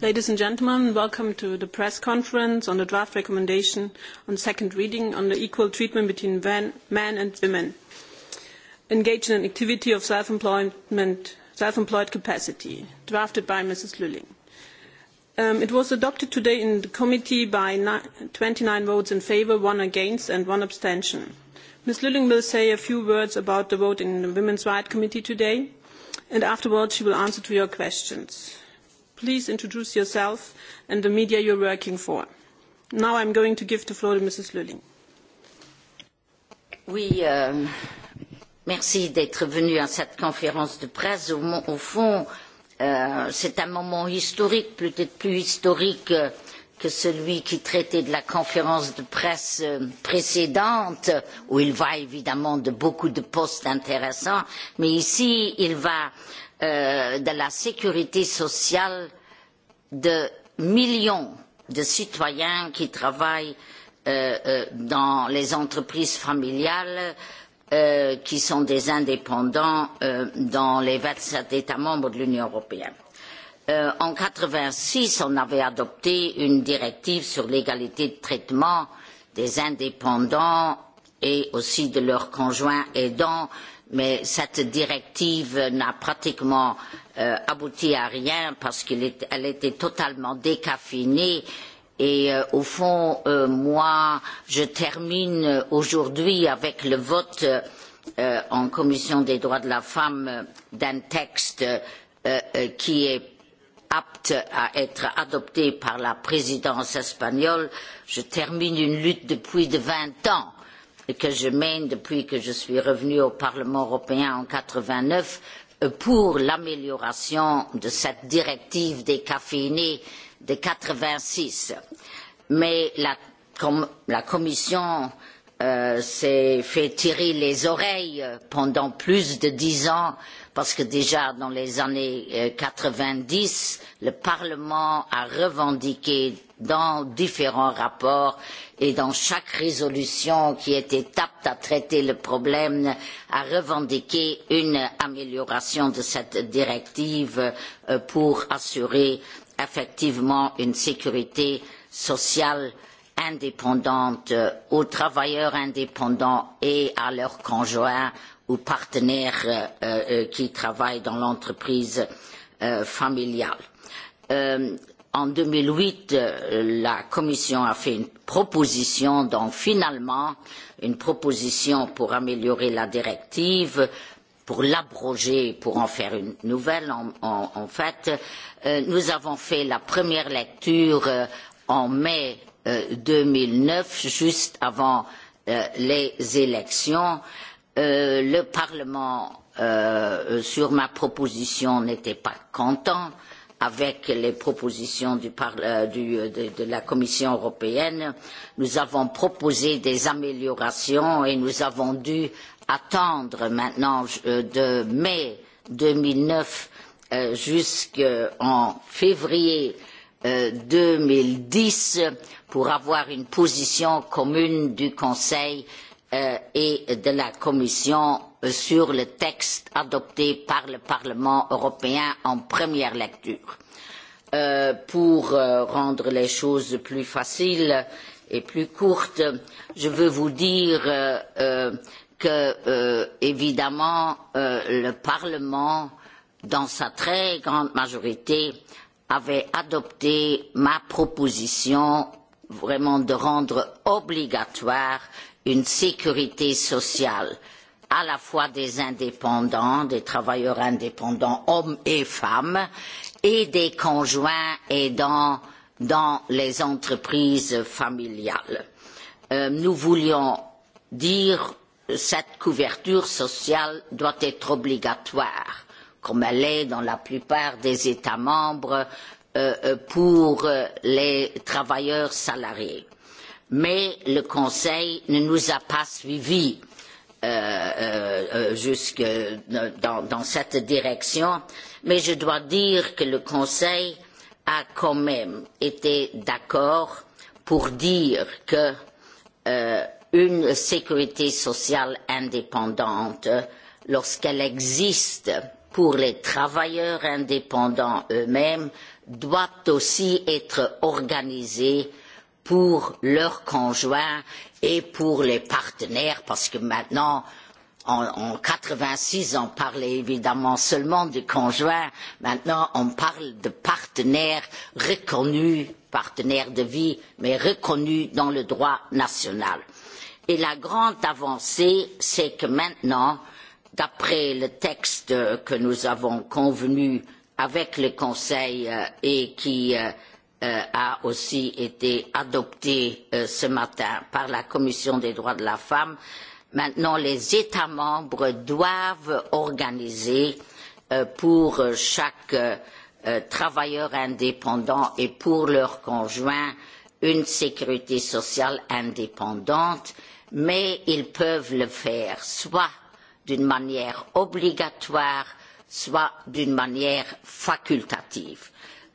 Ladies and gentlemen, welcome to the press conference on the draft recommendation on second reading on the equal treatment between men and women engaged in an activity of self-employment, self-employed capacity, drafted by Mrs. Lülling. Um, it was adopted today in the committee by ni- 29 votes in favour, one against and one abstention. Ms. Lülling will say a few words about the vote in the Women's Rights Committee today, and afterwards she will answer to your questions. Please introduce yourself and the media you're working for. Now I'm going to give the floor to Mrs. Lulling. Oui, euh, merci d'être venu à cette conférence de presse. Au, au fond, euh, c'est un moment historique, peut-être plus historique euh, que celui qui traitait de la conférence de presse euh, précédente, où il va évidemment de beaucoup de postes intéressants, mais ici, il va euh, euh, de la sécurité sociale de millions de citoyens qui travaillent euh, euh, dans les entreprises familiales, euh, qui sont des indépendants euh, dans les 27 États membres de l'Union européenne. Euh, en 86, on avait adopté une directive sur l'égalité de traitement des indépendants et aussi de leurs conjoints aidants euh, mais cette directive n'a pratiquement euh, abouti à rien parce qu'elle était totalement décaffinée. Et euh, au fond, euh, moi, je termine aujourd'hui avec le vote euh, en commission des droits de la femme d'un texte euh, euh, qui est apte à être adopté par la présidence espagnole. Je termine une lutte depuis de 20 ans que je mène depuis que je suis revenue au Parlement européen en 89 euh, pour l'amélioration de cette directive décaféinée de 86. Mais la, com la Commission euh, s'est fait tirer les oreilles pendant plus de dix ans parce que déjà dans les années 90, euh, le Parlement a revendiqué dans différents rapports et dans chaque résolution qui était apte à traiter le problème, a revendiqué une amélioration de cette directive euh, pour assurer effectivement une sécurité sociale indépendante euh, aux travailleurs indépendants et à leurs conjoints ou partenaires euh, euh, qui travaillent dans l'entreprise euh, familiale. Euh, en 2008, euh, la Commission a fait une proposition, donc finalement, une proposition pour améliorer la directive, pour l'abroger, pour en faire une nouvelle, en, en, en fait. Euh, nous avons fait la première lecture euh, en mai euh, 2009, juste avant euh, les élections. Euh, Euh, le Parlement, euh, sur ma proposition, n'était pas content avec les propositions du par, euh, du, euh, de, de la Commission européenne. Nous avons proposé des améliorations et nous avons dû attendre maintenant euh, de mai 2009 euh, jusqu'en février euh, 2010 pour avoir une position commune du Conseil euh, euh, et de la Commission euh, sur le texte adopté par le Parlement européen en première lecture. Euh, pour euh, rendre les choses plus faciles et plus courtes, je veux vous dire euh, euh, que, euh, évidemment, euh, le Parlement, dans sa très grande majorité, avait adopté ma proposition vraiment de rendre obligatoire une sécurité sociale à la fois des indépendants, des travailleurs indépendants, hommes et femmes, et des conjoints aidants dans les entreprises familiales. Euh, nous voulions dire cette couverture sociale doit être obligatoire, comme elle est dans la plupart des États membres euh, euh pour euh, les travailleurs salariés mais le Conseil ne nous a pas suivis euh, euh, euh jusque dans, dans cette direction, mais je dois dire que le Conseil a quand même été d'accord pour dire que euh, une sécurité sociale indépendante, lorsqu'elle existe pour les travailleurs indépendants eux-mêmes, doit aussi être organisée euh, pour leurs conjoints et pour les partenaires, parce que maintenant, en, en 86, on parlait évidemment seulement des conjoints. Maintenant, on parle de partenaires reconnus, partenaires de vie, mais reconnus dans le droit national. Et la grande avancée, c'est que maintenant, d'après le texte que nous avons convenu avec le Conseil euh, et qui euh, euh, a aussi été adopté euh, ce matin par la Commission des droits de la femme. Maintenant, les États membres doivent organiser euh, pour euh, chaque euh, euh, travailleur indépendant et pour leur conjoint une sécurité sociale indépendante, mais ils peuvent le faire soit d'une manière obligatoire, soit d'une manière facultative. Euh,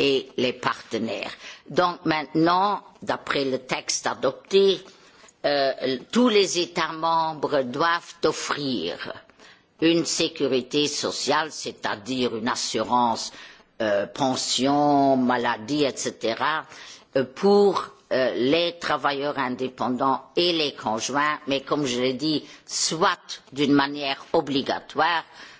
et les partenaires. Donc maintenant, d'après le texte adopté, euh, tous les États membres doivent offrir une sécurité sociale, c'est-à-dire une assurance euh, pension, maladie, etc., euh, pour euh, les travailleurs indépendants et les conjoints, mais comme je l'ai dit, soit d'une manière obligatoire, euh,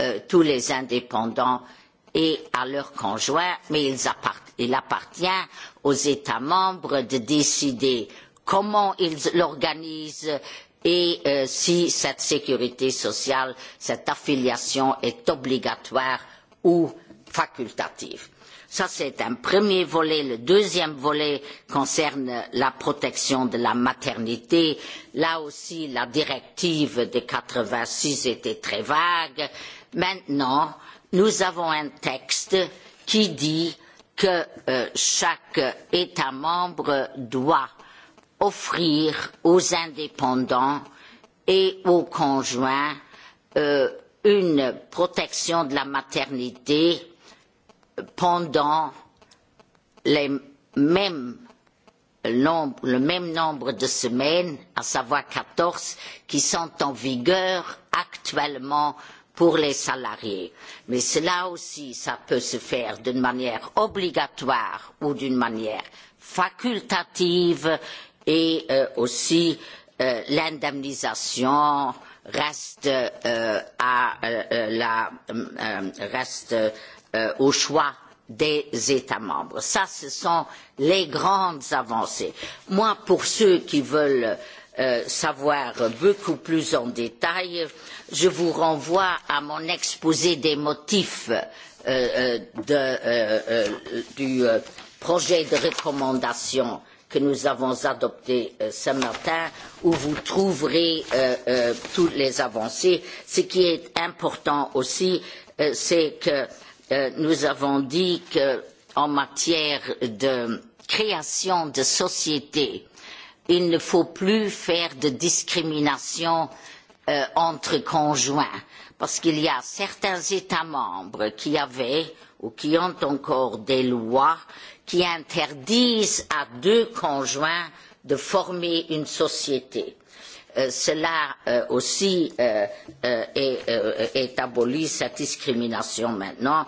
euh, tous les indépendants et à leurs conjoints, mais ils appart il appartient aux États membres de décider comment ils l'organisent et euh, si cette sécurité sociale, cette affiliation est obligatoire ou facultative. Ça, c'est un premier volet. Le deuxième volet concerne la protection de la maternité. Là aussi, la directive de 86 était très vague Maintenant, nous avons un texte qui dit que euh, chaque État membre doit offrir aux indépendants et aux conjoints euh, une protection de la maternité pendant les mêmes nombre, le même nombre de semaines, à savoir 14, qui sont en vigueur actuellement pour les salariés. Mais cela aussi, ça peut se faire d'une manière obligatoire ou d'une manière facultative et euh, aussi euh, l'indemnisation reste euh, à euh, euh la euh, reste euh, au choix des États membres. Ça, ce sont les grandes avancées. Moi, pour ceux qui veulent euh, euh, savoir beaucoup plus en détail, je vous renvoie à mon exposé des motifs euh, euh de, euh, euh, du euh, projet de recommandation que nous avons adopté euh, ce matin, où vous trouverez euh, euh, toutes les avancées. Ce qui est important aussi, euh, c'est que euh, nous avons dit que en matière de création de sociétés, il ne faut plus faire de discrimination euh, entre conjoints parce qu'il y a certains États membres qui avaient ou qui ont encore des lois qui interdisent à deux conjoints de former une société. Euh, cela euh, aussi euh, euh, est, euh, est aboli, cette discrimination maintenant.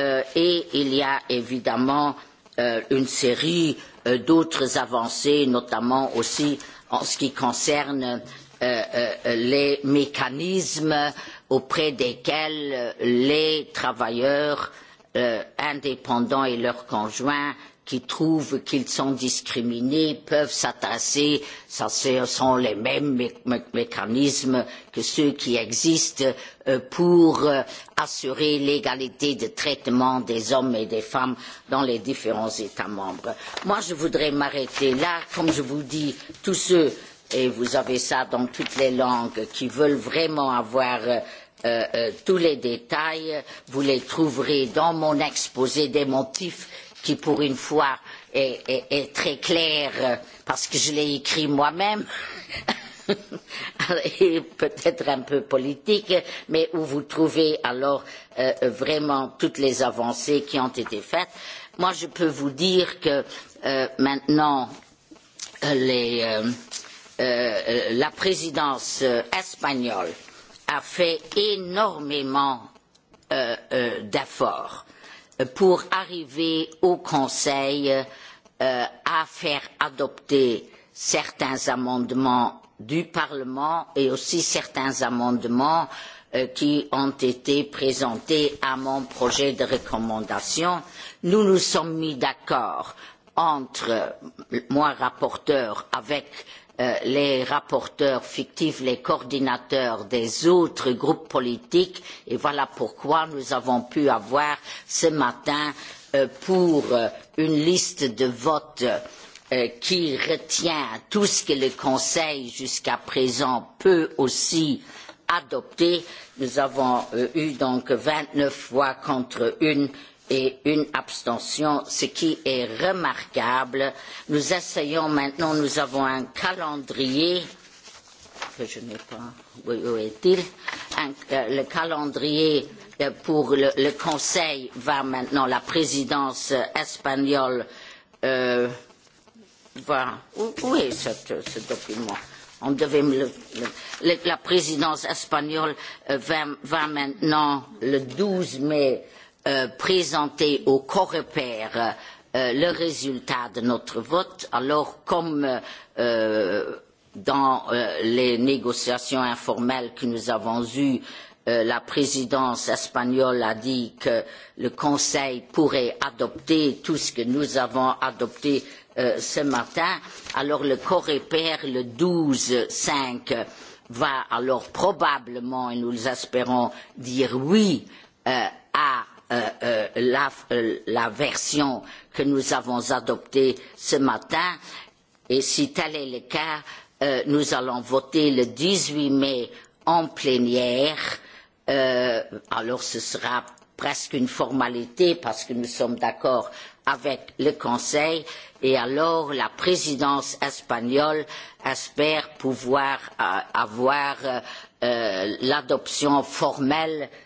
Euh, et il y a évidemment euh, euh, une série euh, d'autres avancées, notamment aussi en ce qui concerne euh, euh, les mécanismes auprès desquels les travailleurs euh, indépendants et leurs conjoints qui trouvent qu'ils sont discriminés peuvent s'attasser, ça ce sont les mêmes mé mé mécanismes que ceux qui existent euh, pour euh, assurer l'égalité de traitement des hommes et des femmes dans les différents États membres. Moi, je voudrais m'arrêter là. Comme je vous dis, tous ceux, et vous avez ça dans toutes les langues, qui veulent vraiment avoir euh, euh, euh tous les détails, vous les trouverez dans mon exposé des motifs qui pour une fois est, est, est très clair parce que je l'ai écrit moi-même et peut-être un peu politique, mais où vous trouvez alors euh, vraiment toutes les avancées qui ont été faites. Moi, je peux vous dire que euh, maintenant, les, euh, euh, la présidence euh, espagnole a fait énormément euh, euh, d'efforts pour arriver au Conseil euh, à faire adopter certains amendements du Parlement et aussi certains amendements euh, qui ont été présentés à mon projet de recommandation. Nous nous sommes mis d'accord entre moi rapporteur avec euh, Euh, les rapporteurs fictifs, les coordinateurs des autres groupes politiques et voilà pourquoi nous avons pu avoir ce matin euh, pour euh, une liste de votes qui retient tout ce que le Conseil jusqu'à présent peut aussi adopter. Nous avons eu donc 29 voix contre une et une abstention, ce qui est remarquable. Nous essayons maintenant, nous avons un calendrier que je n'ai pas. Oui, où est-il un, euh, Le calendrier euh, pour le, le Conseil va maintenant, la présidence espagnole euh, va. Où, où est cette, ce document On devait me le, le, le, La présidence espagnole euh, va, va maintenant, le 12 mai, euh, euh, présenter au Coreper euh, le résultat de notre vote, alors comme euh, dans euh, les négociations informelles que nous avons eues, euh, la présidence espagnole a dit que le Conseil pourrait adopter tout ce que nous avons adopté euh, ce matin. Alors le Coreper, le 12-5, va alors probablement, et nous espérons, dire oui euh, à euh, euh, la, euh, la version que nous avons adoptée ce matin. Et si tel est le cas, euh, nous allons voter le 18 mai en plénière. Euh, alors ce sera presque une formalité parce que nous sommes d'accord avec le Conseil et alors la présidence espagnole espère pouvoir euh, avoir euh, euh l'adoption formelle euh,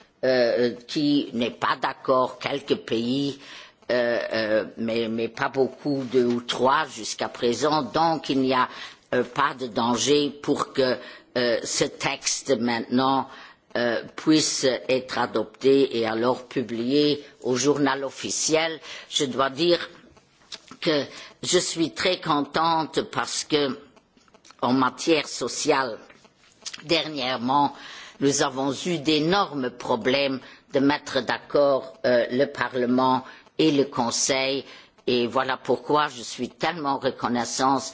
euh, øh, qui øh, n'est pas d'accord, quelques øh, pays, euh, euh, mais, mais pas beaucoup, deux ou trois jusqu'à présent. Donc il n'y a euh, pas de danger pour que euh, ce texte maintenant euh, puisse être adopté et alors publié au journal officiel. Je dois dire que je suis très contente parce que en matière sociale, dernièrement, euh, nous avons eu d'énormes problèmes de mettre d'accord euh, le Parlement et le Conseil. Et voilà pourquoi je suis tellement reconnaissante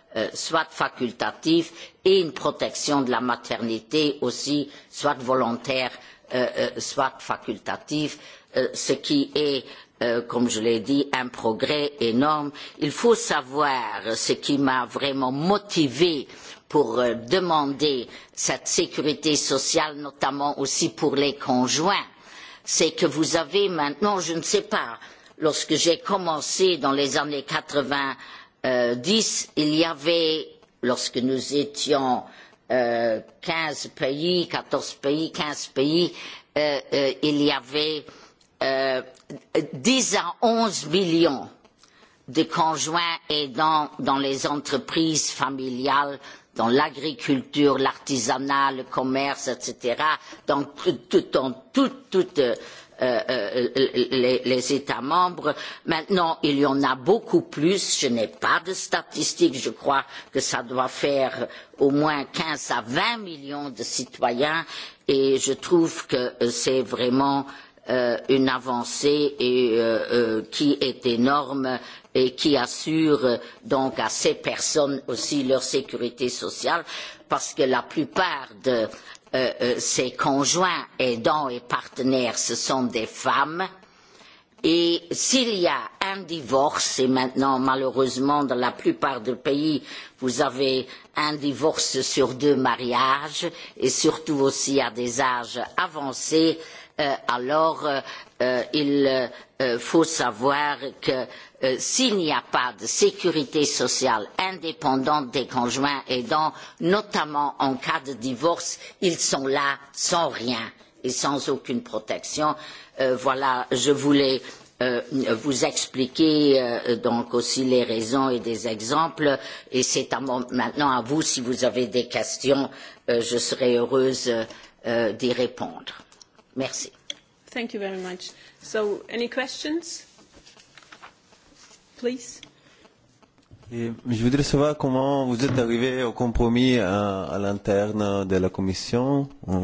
euh, soit facultatif et une protection de la maternité aussi, soit volontaire, euh, euh, soit facultative, euh, ce qui est, euh, comme je l'ai dit, un progrès énorme. Il faut savoir ce qui m'a vraiment motivé pour euh, demander cette sécurité sociale, notamment aussi pour les conjoints, c'est que vous avez maintenant, je ne sais pas, lorsque j'ai commencé dans les années 80, euh, 10, il y avait, lorsque nous étions euh, 15 pays, 14 pays, 15 pays, euh, euh, il y avait euh, 10 à 11 millions de conjoints aidants dans les entreprises familiales, dans l'agriculture, l'artisanat, le commerce, etc., dans, tout, dans tout, toute, toute euh, euh, les, euh, euh, les États membres. Maintenant, il y en a beaucoup plus. Je n'ai pas de statistiques. Je crois que ça doit faire au moins 15 à 20 millions de citoyens et je trouve que euh, c'est vraiment euh, une avancée et, euh, euh, qui est énorme et qui assure euh, donc à ces personnes aussi leur sécurité sociale parce que la plupart de Euh, euh, ses conjoints aidants et partenaires, ce sont des femmes. Et s'il y a un divorce, et maintenant malheureusement dans la plupart des pays, vous avez un divorce sur deux mariages, et surtout aussi à des âges avancés, euh, alors euh, euh il euh, faut savoir que euh, euh, s'il n'y a pas de sécurité sociale indépendante des conjoints aidants, notamment en cas de divorce, ils sont là sans rien et sans aucune protection. Euh, voilà, je voulais euh, vous expliquer euh, donc aussi les raisons et des exemples et c'est à mon, maintenant à vous si vous avez des questions, euh, je serai heureuse euh, d'y répondre. Merci. Thank you very much. So, any questions? please. Et je voudrais savoir comment vous êtes arrivé au compromis à, à l'interne de la Commission. Euh,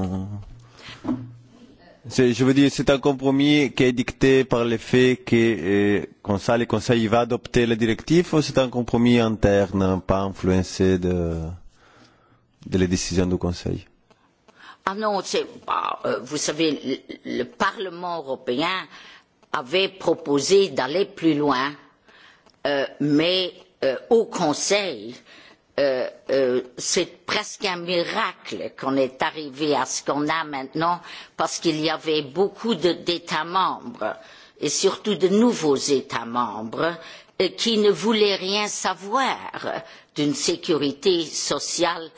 je veux dire, c'est un compromis qui est dicté par le fait que, eh, comme ça, le Conseil va adopter la directive ou c'est un compromis interne, pas influencé de, de les décisions du Conseil Ah non, bah, euh, vous savez, le, le Parlement européen avait proposé d'aller plus loin euh, euh, mais euh, au Conseil, euh, euh, c'est presque un miracle qu'on est arrivé à ce qu'on a maintenant, parce qu'il y avait beaucoup d'États membres, et surtout de nouveaux États membres, euh, qui ne voulaient rien savoir d'une sécurité sociale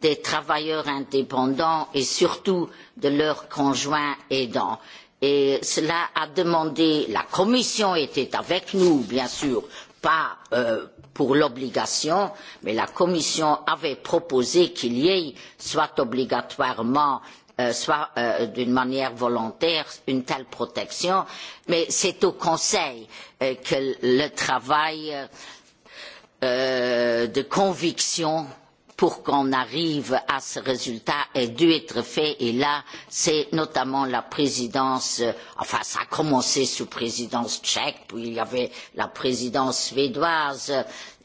des travailleurs indépendants et surtout de leurs conjoints aidants et cela a demandé la commission était avec nous bien sûr pas euh, pour l'obligation, mais la Commission avait proposé qu'il y ait soit obligatoirement euh, soit euh, d'une manière volontaire une telle protection, mais c'est au Conseil euh, que le travail euh, de conviction euh, pour qu'on arrive à ce résultat a dû être fait et là c'est notamment la présidence enfin ça a commencé sous présidence tchèque puis il y avait la présidence suédoise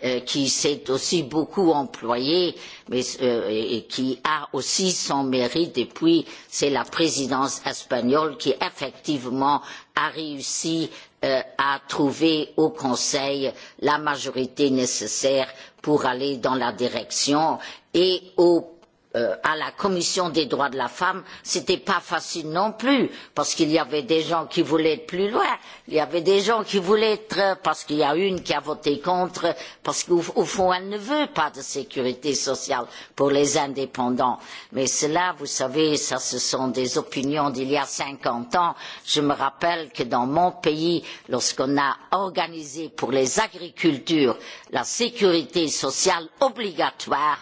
euh, qui s'est aussi beaucoup employée mais, euh, et qui a aussi son mérite et puis c'est la présidence espagnole qui effectivement a réussi euh, à trouver au Conseil la majorité nécessaire pour aller dans la direction et au euh, à la commission des droits de la femme, c'était pas facile non plus, parce qu'il y avait des gens qui voulaient être plus loin, il y avait des gens qui voulaient être, euh, parce qu'il y a une qui a voté contre, parce qu'au fond elle ne veut pas de sécurité sociale pour les indépendants. Mais cela, vous savez, ça ce sont des opinions d'il y a 50 ans. Je me rappelle que dans mon pays, lorsqu'on a organisé pour les agricultures la sécurité sociale obligatoire,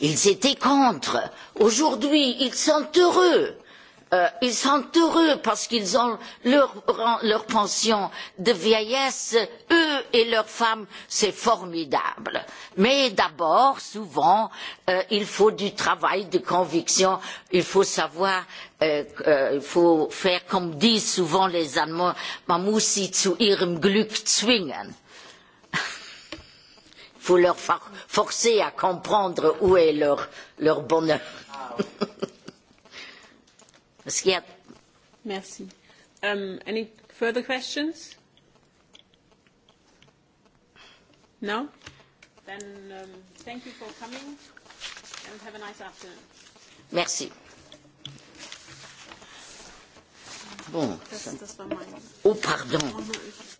ils étaient contre. Aujourd'hui, ils sont heureux. Euh, ils sont heureux parce qu'ils ont leur, leur pension de vieillesse, eux et leurs femmes, c'est formidable. Mais d'abord, souvent, euh, il faut du travail de conviction, il faut savoir, euh, euh, il faut faire comme disent souvent les Allemands, man muss sie zu ihrem Glück zwingen vous leur forcez à comprendre où est leur, leur bonheur. Parce qu'il y a... Merci. Um, any further questions? No? Then um, thank you for coming and have a nice afternoon. Merci. Bon. Das, das war mein... Oh, pardon. Oh,